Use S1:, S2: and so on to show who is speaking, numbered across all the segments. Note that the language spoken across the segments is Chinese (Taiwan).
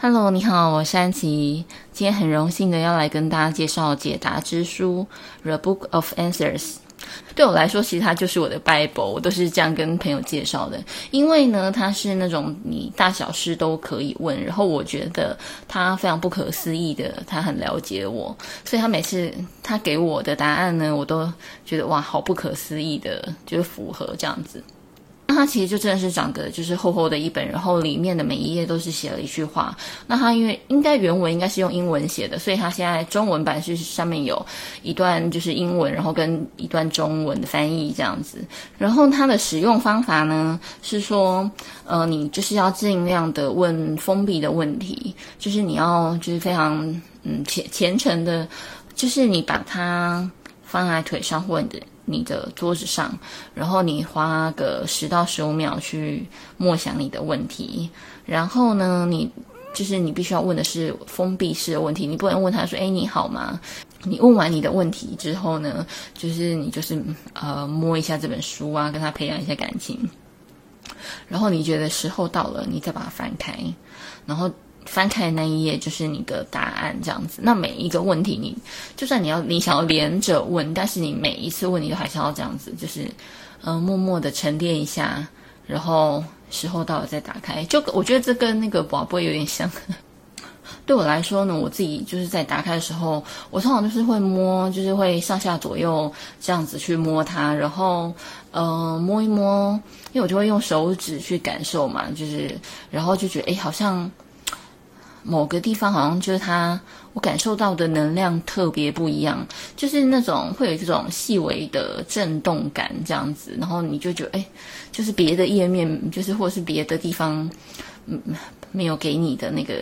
S1: Hello，你好，我是安琪。今天很榮幸的要來跟大家介紹《解答之書》The Book of Answers。對我來說，其實它就是我的 Bible，我都是這樣跟朋友介紹的。因為呢，它是那種你大小事都可以問，然後我覺得它非常不可思議的，它很了解我，所以它每次它給我的答案呢，我都覺得哇，好不可思議的，就是符合這樣子。那它其實就真的是長得就是厚厚的一本，然後裡面的每一頁都是寫了一句話。那它因為應該原文應該是用英文寫的，所以它現在中文版是上面有一段就是英文，然後跟一段中文的翻譯這樣子。然後它的使用方法呢是說，呃，你就是要盡量的問封閉的問題，就是你要就是非常嗯虔虔誠的，就是你把它放在腿上問的。或你的桌子上，然後你花個十到十五秒去默想你的問題，然後呢，你就是你必須要問的是封閉式的問題，你不能問他說：“誒，你好嗎？”你問完你的問題之後呢，就是你就是呃摸一下這本書啊，跟他培養一下感情，然後你覺得時候到了，你再把它翻開，然後。翻開那一頁就是你的答案，這樣子。那每一個問題你，你就算你要你想要連着問，但是你每一次問，你都還是要這樣子，就是嗯、呃，默默的沉澱一下，然後時候到了再打開。就我覺得這跟那個寶寶有點像。 對我來說呢，我自己就是在打開的時候，我通常就是會摸，就是會上下左右這樣子去摸它，然後嗯、呃、摸一摸，因為我就會用手指去感受嘛，就是然後就覺得哎好像。某個地方好像就是它，我感受到的能量特別不一樣，就是那種會有這種細微的震動感這樣子，然後你就覺得，哎，就是別的頁面，就是或是別的地方，嗯，沒有給你的那個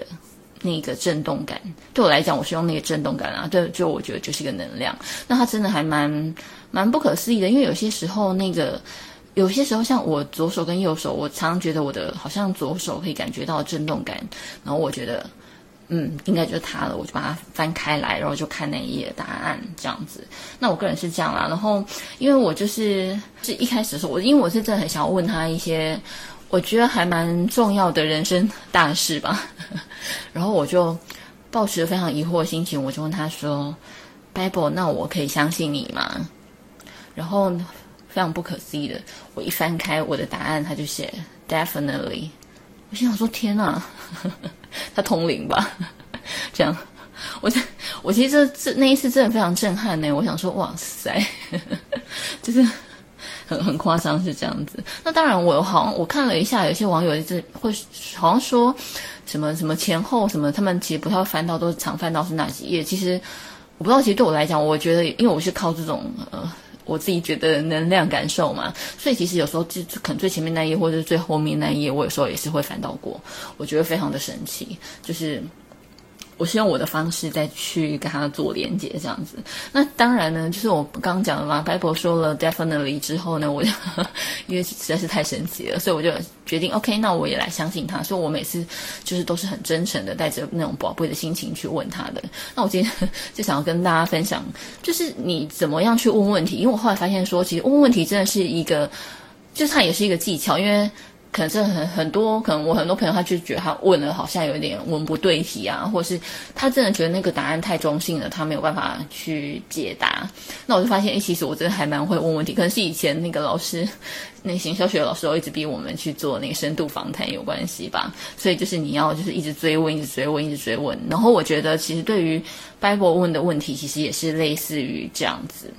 S1: 那個震動感。對我來講，我是用那個震動感啊，對，就我覺得就是一個能量。那它真的還蠻蠻不可思議的，因為有些時候那個。有些時候，像我左手跟右手，我常常覺得我的好像左手可以感覺到震動感，然後我覺得，嗯，應該就是它了，我就把它翻開來，然後就看那一頁答案這樣子。那我個人是這樣啦、啊。然後，因為我就是是一開始的時候，我因為我是真的很想要問他一些我覺得還蠻重要的人生大事吧， 然後我就抱持着非常疑惑的心情，我就問他說：“Bible，那我可以相信你嗎？”然後。非常不可思議的，我一翻開我的答案，他就寫 definitely。我心想說：天哪，呵呵他通靈吧？這樣，我我其實這這那一次真的非常震撼呢。我想說：哇塞，呵呵就是很很誇張是這樣子。那當然我，我好像我看了一下，有些網友就是會好像說什麼什麼前後什麼，他們其實不太會翻到都是常翻到是哪幾頁。其實我不知道，其實對我來講，我覺得因為我是靠這種呃。我自己覺得能量感受嘛，所以其實有時候就可能最前面那一頁或者最後面那一頁，我有時候也是會翻到過，我覺得非常的神奇，就是。我是用我的方式再去跟他做連接，這樣子。那當然呢，就是我剛剛講了嘛，Bible 說了 “definitely” 之後呢，我就因為實在是太神奇了，所以我就決定 OK，那我也來相信他。所以我每次就是都是很真誠的，帶着那種寶貴的心情去問他的。那我今天就想要跟大家分享，就是你怎麼樣去問問題，因為我後來發現說，其實問問題真的是一個，就是它也是一個技巧，因為。可能是很很多，可能我很多朋友他就覺得他問的好像有點文不對題啊，或者是他真的覺得那個答案太中性了，他沒有辦法去解答。那我就發現，欸，其實我真的還蠻會問問題。可能是以前那個老師，那行銷學的老師都一直逼我們去做那個深度訪談有關係吧。所以就是你要就是一直追問，一直追問，一直追問。然後我覺得其實對於 Bible 問的問題，其實也是類似於這樣子，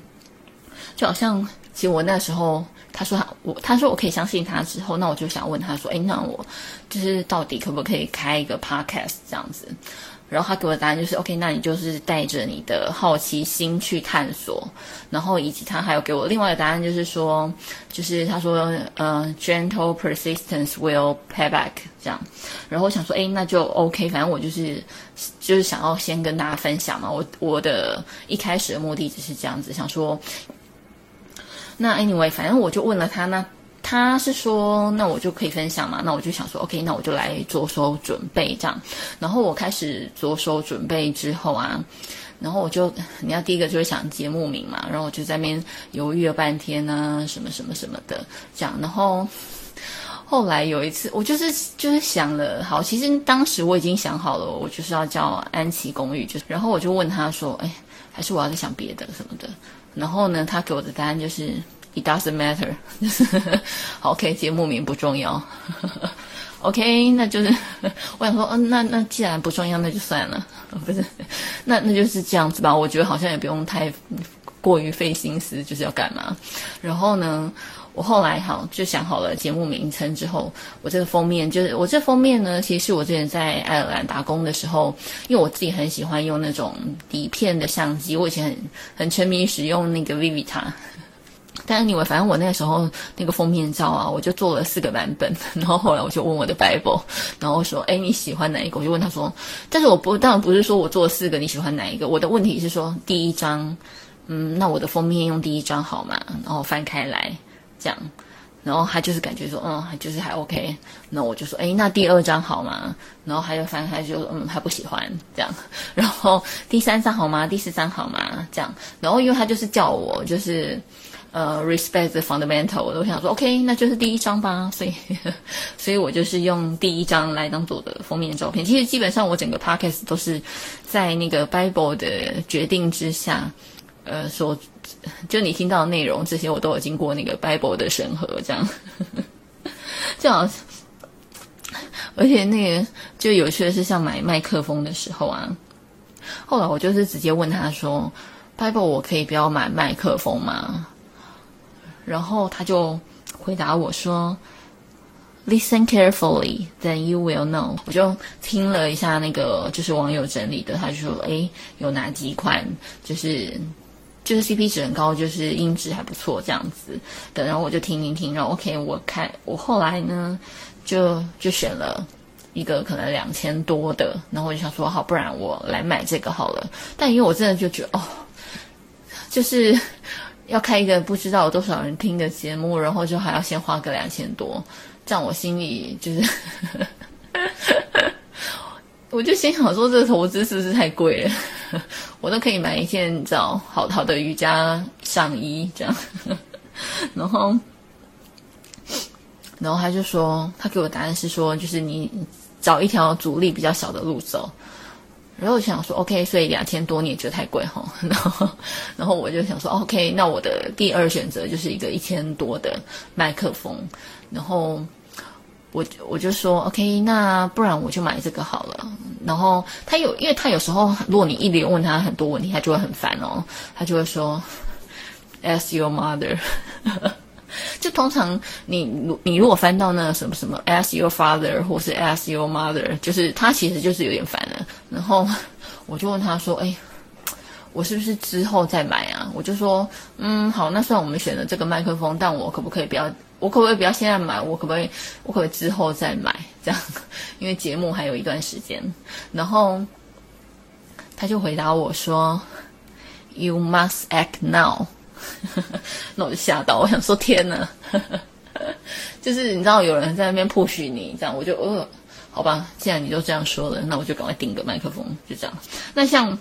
S1: 就好像其實我那時候。他說他我他說我可以相信他之後，那我就想問他說，哎，那我就是到底可不可以開一個 podcast 這樣子？然後他給我的答案就是，OK，那你就是帶着你的好奇心去探索。然後以及他還有給我另外的答案，就是說，就是他說，呃、uh，gentle persistence will pay back 這樣。然後我想說，哎，那就 OK，反正我就是就是想要先跟大家分享嘛。我我的一開始的目的只是這樣子，想說。那 anyway，反正我就問了他，那他是說，那我就可以分享嘛？那我就想說，OK，那我就來着手準備這樣。然後我開始着手準備之後啊，然後我就，你要第一個就是想節目名嘛，然後我就在那邊猶豫了半天啊，什麼什麼什麼的這樣。然後後來有一次，我就是就是想了，好，其實當時我已經想好了，我就是要叫安琪公寓，就是，然後我就問他說，哎，還是我要再想別的什麼的？然後呢，他給我的答案就是 “It doesn't matter”，就是 好，OK，節目名不重要 ，OK，那就是我想說，嗯、哦，那那既然不重要，那就算了，哦、不是，那那就是這樣子吧。我覺得好像也不用太過於費心思，就是要幹嘛。然後呢？我後來哈就想好了節目名稱之後，我這個封面就是我這封面呢，其實是我之前在愛爾蘭打工的時候，因為我自己很喜歡用那種底片的相機，我以前很很沉迷於使用那個 Vivitar。但是你為反正我那個時候那個封面照啊，我就做了四個版本，然後後來我就問我的 Bible，然後說：“哎，你喜歡哪一個？”我就問他說：“但是我不當然不是說我做了四個你喜歡哪一個，我的問題是說第一張，嗯，那我的封面用第一張好嗎？”然後翻開來。講，然後他就是感覺說，嗯，就是還 OK，那我就說，哎，那第二張好嗎？然後還有三，他就，他就說嗯，還不喜歡這樣，然後第三張好嗎？第四張好嗎？這樣，然後因為他就是叫我，就是呃，respect the fundamental，我都想說，OK，那就是第一張吧，所以， 所以我就是用第一張來當作的封面照片。其實基本上我整個 podcast 都是在那個 Bible 的決定之下。呃，說、so, 就你聽到的內容這些，我都有經過那個 Bible 的審核，這樣，這 樣，而且那個就有趣的是，像買麥克風的時候啊，後來我就是直接問他說，Bible 我可以不要買麥克風嗎？然後他就回答我說，Listen carefully, then you will know。我就聽了一下那個，就是網友整理的，他就說，誒，有哪幾款就是。就是 CP 值很高，就是音質還不錯這樣子的，然後我就聽聽聽，然後 OK，我看我後來呢，就就選了一個可能兩千多的，然後我就想說，好，不然我來買這個好了。但因為我真的就覺得，哦，就是要開一個不知道有多少人聽的節目，然後就還要先花個兩千多，這樣我心裡就是， 我就心想說，這個投資是不是太貴了？我都可以買一件找好好的瑜伽上衣這樣，然後，然後他就說，他給我答案是說，就是你找一條阻力比較小的路走。然後我想說，OK，所以兩千多你也覺得太貴哈。然後，然後我就想說，OK，那我的第二選擇就是一個一千多的麥克風，然後。我我就說 OK，那不然我就買這個好了。然後他有，因為他有時候，如果你一連問他很多問題，他就會很煩哦。他就會說，Ask your mother。 就通常你你如果翻到那個什麼什麼，Ask your father，或是 Ask your mother，就是他其實就是有點煩了。然後我就問他說，哎，我是不是之後再買啊？我就說，嗯，好，那雖然我們選了這個麥克風，但我可不可以不要？我可不可以不要現在買？我可不可以我可不可以之後再買？這樣，因為節目還有一段時間。然後他就回答我說：“You must act now。”呵呵，那我就嚇到，我想說天哪！呵呵，就是你知道有人在那邊 push 你這樣，我就呃、哦，好吧，既然你都這樣說了，那我就趕快訂個麥克風，就這樣。那像。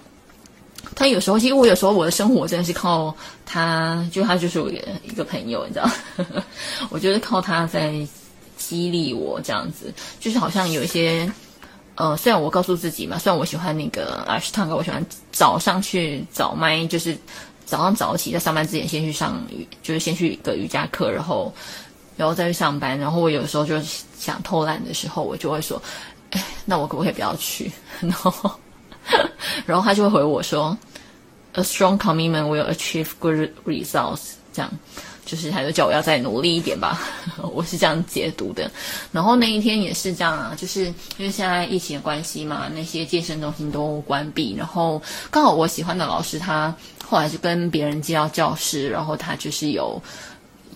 S1: 他有時候，其實我有時候我的生活真的是靠他，就他就是我的一個朋友，你知道？ 我覺得靠他在激勵我這樣子，就是好像有一些，呃，雖然我告訴自己嘛，雖然我喜歡那個 Ashtanga，ong, 我喜歡早上去 Mysore，就是早上早起在上班之前先去上，就是先去一個瑜伽課，然後然後再去上班。然後我有時候就想偷懶的時候，我就會說，哎，那我可不可以不要去？然後。然後他就會回我說：“A strong commitment will achieve good results。”這樣，就是他就叫我要再努力一點吧。我是這樣解讀的。然後那一天也是這樣啊，就是因為現在疫情的關係嘛，那些健身中心都關閉。然後剛好我喜歡的老師他後來就跟別人借到教室，然後他就是有，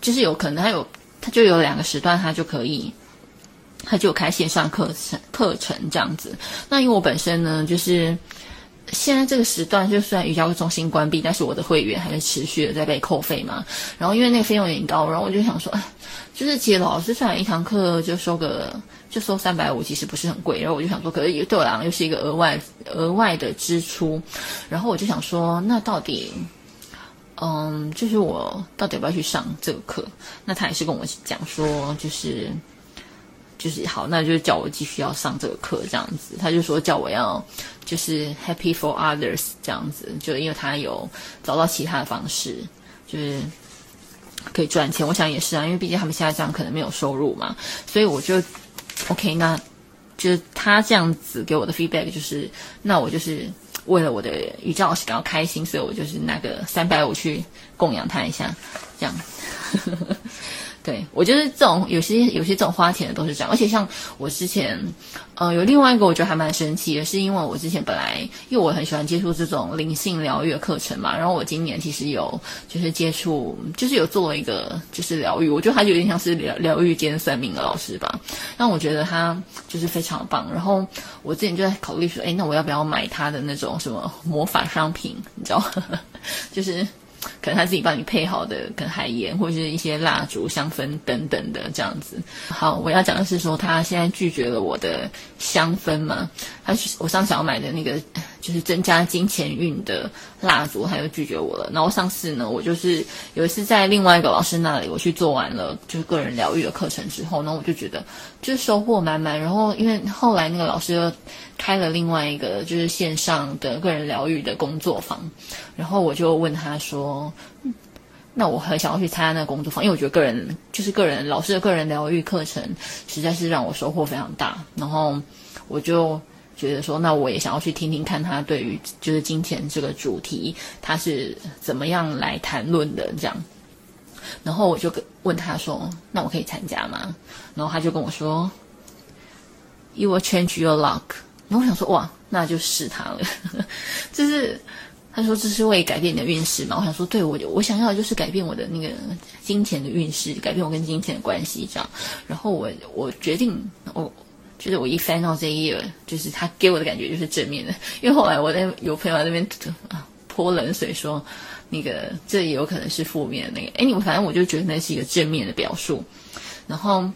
S1: 就是有可能他有，他就有兩個時段，他就可以，他就有開線上課程課程這樣子。那因為我本身呢，就是。現在這個時段，就雖然瑜伽中心關閉，但是我的會員還是持續的在被扣費嘛。然後因為那個費用也高，然後我就想說，唉，就是其實老師上一堂課就收個就收三百五，其實不是很貴。然後我就想說，可是對我來講又是一個額外額外的支出。然後我就想說，那到底，嗯，就是我到底要不要去上這個課？那他也是跟我講說，就是。就是好，那就叫我繼續要上這個課這樣子。他就說叫我要就是 happy for others 這樣子，就因為他有找到其他的方式，就是可以賺錢。我想也是啊，因為畢竟他們現在這樣可能沒有收入嘛，所以我就 OK，那就是他這樣子給我的 feedback 就是，那我就是為了我的瑜伽老師感到開心，所以我就是拿個三百五去供養他一下，這樣。 對我就是這種，有些有些這種花錢的都是這樣。而且像我之前，呃，有另外一個我覺得還蠻神奇的，是因為我之前本來，因為我很喜歡接觸這種靈性療癒的課程嘛。然後我今年其實有就是接觸，就是有做了一個就是療癒，我覺得他就有點像是療療癒兼算命的老師吧。但我覺得他就是非常棒。然後我之前就在考慮說，哎，那我要不要買他的那種什麼魔法商品？你知道， 就是。可能他自己幫你配好的，跟海鹽或者是一些蠟燭、香氛等等的這樣子。好，我要講的是說，他現在拒絕了我的香氛嘛，他我上次想要買的那個。就是增加金錢運的蠟燭，他就拒絕我了。然後上次呢，我就是有一次在另外一個老師那裡，我去做完了就是個人療癒的課程之後呢，我就覺得就是收穫滿滿。然後因為後來那個老師又開了另外一個就是線上的個人療癒的工作坊，然後我就問他說，嗯：“那我很想要去參加那個工作坊，因為我覺得個人就是個人老師的個人療癒課程，實在是讓我收穫非常大。”然後我就。覺得說，那我也想要去聽聽看他對於就是金錢這個主題，他是怎麼樣來談論的這樣。然後我就跟問他說：“那我可以參加嗎？”然後他就跟我說：“You will change your luck。”然後我想說：“哇，那就是他了。 這”就是他說這是為改變你的運勢嘛？我想說，對，我我想要的就是改變我的那個金錢的運勢，改變我跟金錢的關係這樣。然後我我決定我。就是我一翻到這一頁，就是他給我的感覺就是正面的，因為後來我在有朋友在那邊潑、呃、冷水說，那個這也有可能是負面的那個，哎、欸，你反正我就覺得那是一個正面的表述，然後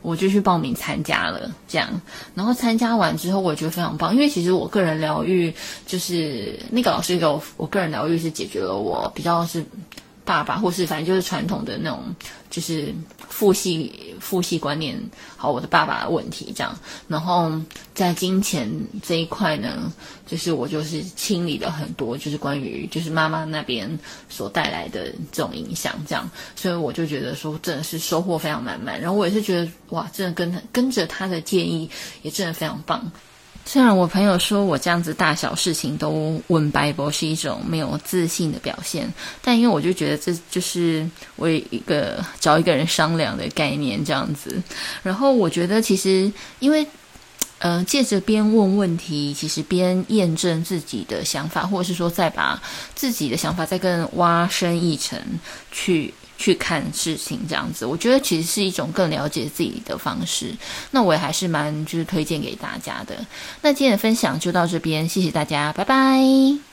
S1: 我就去報名參加了，這樣，然後參加完之後我覺得非常棒，因為其實我個人療癒就是那個老師給我，我個人療癒是解決了我比較是。爸爸，或是反正就是傳統的那種，就是父系父系觀念，好，我的爸爸的問題這樣。然後在金錢這一塊呢，就是我就是清理了很多，就是關於就是媽媽那邊所帶來的這種影響這樣。所以我就覺得說，真的是收穫非常滿滿。然後我也是覺得，哇，真的跟他跟着他的建議也真的非常棒。雖然我朋友說我這樣子大小事情都問白博是一種沒有自信的表現，但因為我就覺得這就是為一個找一個人商量的概念這樣子。然後我覺得其實因為，呃，借着邊問問題，其實邊驗證自己的想法，或者是說再把自己的想法再跟挖深一層去。去看事情這樣子，我覺得其實是一種更了解自己的方式。那我也還是蠻就是推薦給大家的。那今天的分享就到這邊，謝謝大家，拜拜。